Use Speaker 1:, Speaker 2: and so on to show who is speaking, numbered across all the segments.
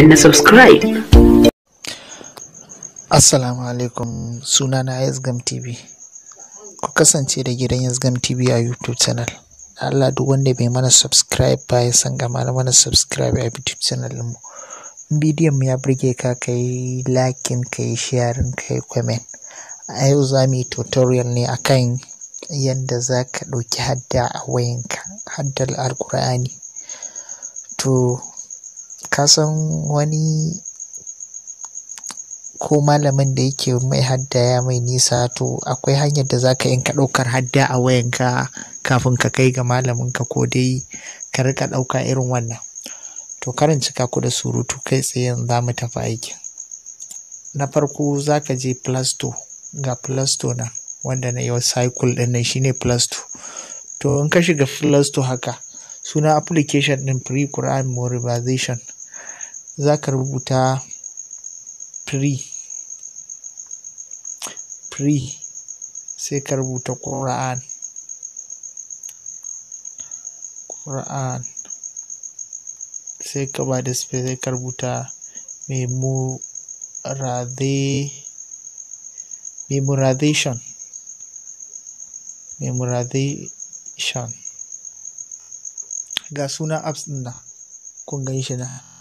Speaker 1: na subscribe assalamu alaikum sunana Yazgam tv ku kasance da gidan Yazgam tv a youtube channel Allah duk wanda bai mana subscribe ba ya san gama mana subscribe a youtube channel mu bidiyon mu ya burge ka kai lakin kai sharing kai comment a yau za mu yi tutorial ne akan yadda za ka ɗauki hadda a wayanka haddar alkur'ani to kasan wani ko malamin da yake mai hadda ya mai nisa to akwai hanyar da zaka yin ka ɗaukar hadda a wayanka kafin ka kai ga malamin ka ko dai ka rika ɗauka irin wannan to karin cika ku da surutu kai tsaye za mu tafi aikin na farko zaka je plasto ga plasto na wanda na yau cycle ɗin nan shine plasto to in ka shiga plasto haka suna application ɗin pre-Quran memorization za ka rubuta pre pre sai ka rubuta ƙura'an ƙura'an sai ka ba da space sai ka rubuta memorization memorization ga sunan apps ɗin nan kun gan shi na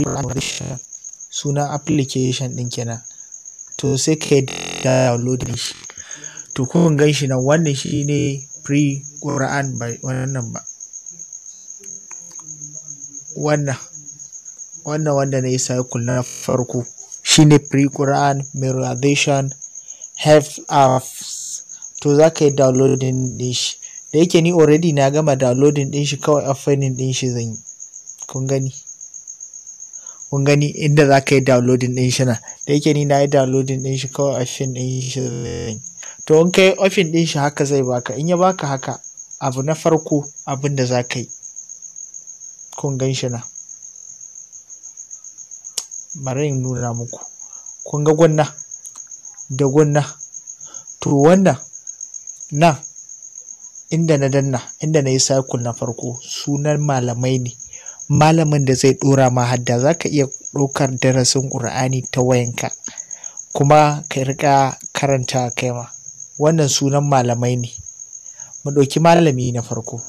Speaker 1: application sunan application ɗin kenan to sai ka download din shi to kun gan shi nan wannan shi ne pre Quran ba wannan ba wannan wannan wanda na yi cycle na farko shi ne pre Quran memorization health apps to za ka yi downloading ɗin shi da yake ni already na gama downloading ɗin shi kawai affanin ɗin shi zan yi kun gani kun gani inda za ka yi downloading ɗin shi na da yake ni na yi downloading ɗin shi kawai a shin ɗin shi to in kai ofin ɗin shi haka zai baka in ya baka haka abu na farko abin da za ka yi kun gan shi na bari in nuna muku kun ga gwanna da gwanna to wannan nan inda na danna inda na yi cycle na farko sunan malamai ne malamin da zai ɗora ma hadda za ka iya ɗaukar darasin ƙur'ani ta wayanka kuma ka riƙa karanta kai ma wannan sunan malamai ne mu ɗauki malami na farko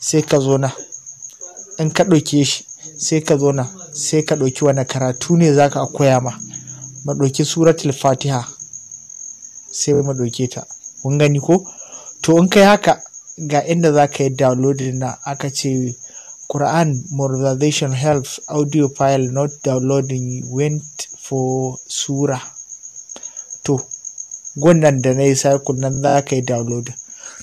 Speaker 1: sai ka zo na in ka ɗauke shi sai ka zo na sai ka ɗauki wani karatu ne za ka koya ma mu ɗauki suratul fatiha sai mu ɗauke ta kun gani ko to in kai haka ga inda za ka yi downloading na aka ce Quran Modernization Helps Audio File Not Downloading Went for Sura. To, gwannan da na yi cycle nan za ka yi download.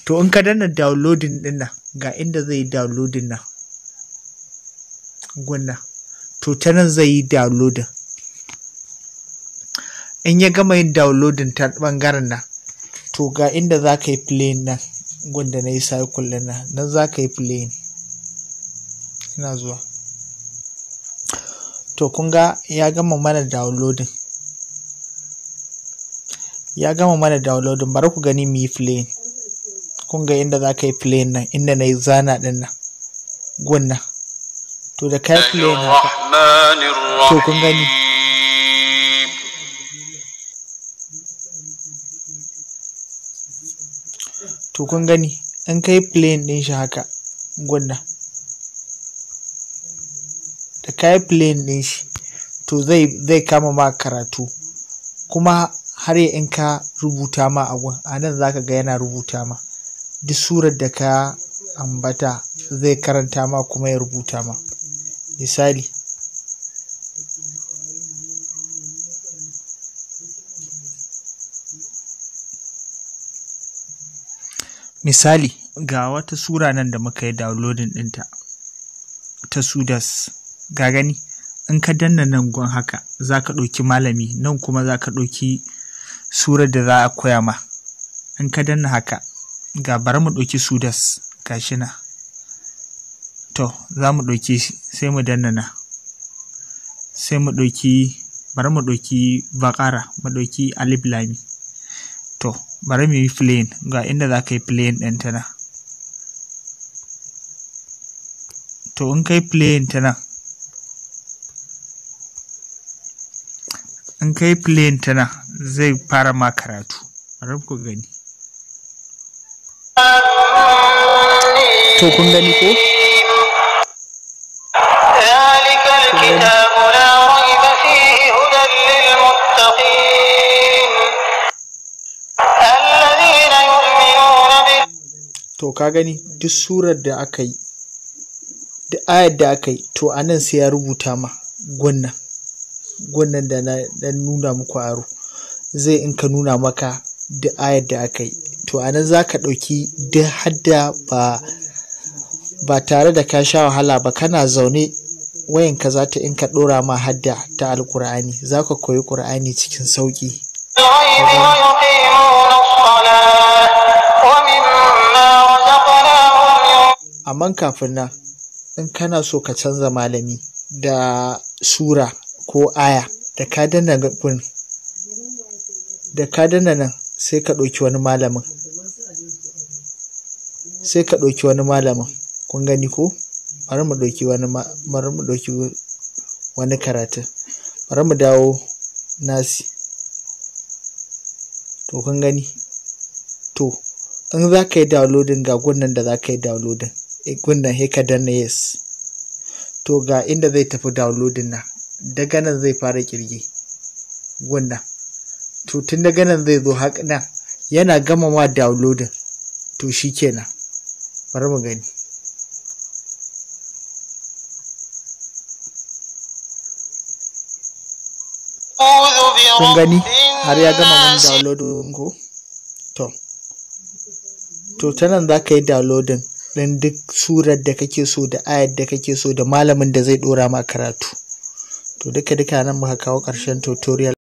Speaker 1: To, in ka dana downloading dinna ga inda zai yi downloading nan. Gwannan. To, ta nan zai yi downloading. In ya gama yin downloading ta ɓangaren nan, to ga inda za ka yi play nan. gwanda na yi cycle na nan za ka yi playing ina zuwa to kun ga ya gama mana downloading ya gama mana downloading bari ku gani mu yi playing kun ga inda za ka yi playing nan inda na yi zana din nan gwanda to da ka yi playing haka to kun gani to kun gani in kai plane din ɗin shi haka gwanda da kai plane din ɗin shi to zai kama ma karatu kuma har ya in ka rubuta ma abun a nan za ka ga yana rubuta ma duk surar da ka ambata zai karanta ma kuma ya rubuta ma misali misali ga wata sura nan da muka yi downloading ɗinta ta sudas ga gani in ka danna nan gon haka za ka ɗauki malami nan kuma za ka ɗauki sura da za a koya ma in ka danna haka ga bari mu ɗauki sudas ga shi na to za mu ɗauki sai mu danna na sai mu ɗauki bari mu ɗauki bakara mu ɗauki alif lami to bari mu yi plain ga inda za ka yi plain ɗin ta nan to in yi plain ta nan in yi plain ta nan zai fara ma karatu bari ku gani to kun gani ko kun gani to ka gani duk surar da aka yi duk ayar da aka yi to a nan sai ya rubuta ma gwannan gwannan da na nuna muku aro zai in ka nuna maka duk ayar da aka yi to a nan za ka ɗauki duk hadda ba ba tare da ka sha wahala ba kana zaune wayanka za ta in ka ɗora ma hadda ta alkur'ani za ka koyi ƙur'ani cikin sauƙi amma kafin nan in kana so ka canza malami da sura ko aya da ka danna gun da ka danna nan sai ka ɗauki wani malamin sai ka ɗauki wani malamin kun gani ko bari mu ɗauki wani bari mu ɗauki wani karatun bari mu dawo nasi to kun gani to in za ka yi downloading ga gun nan da za ka yi downloading E gunnan he ka danna yes to ga inda zai tafi downloadin nan daga nan zai fara kirgi gunnan to tun daga nan zai zo haka nan yana gama ma downloadin to shi kenan bari mu gani kun gani har ya gama mun downloadin ko to to ta za ka yi downloadin don duk surar da kake so da ayar da kake so da malamin da zai ɗora ma karatu to duka duka nan muka kawo ƙarshen tutorial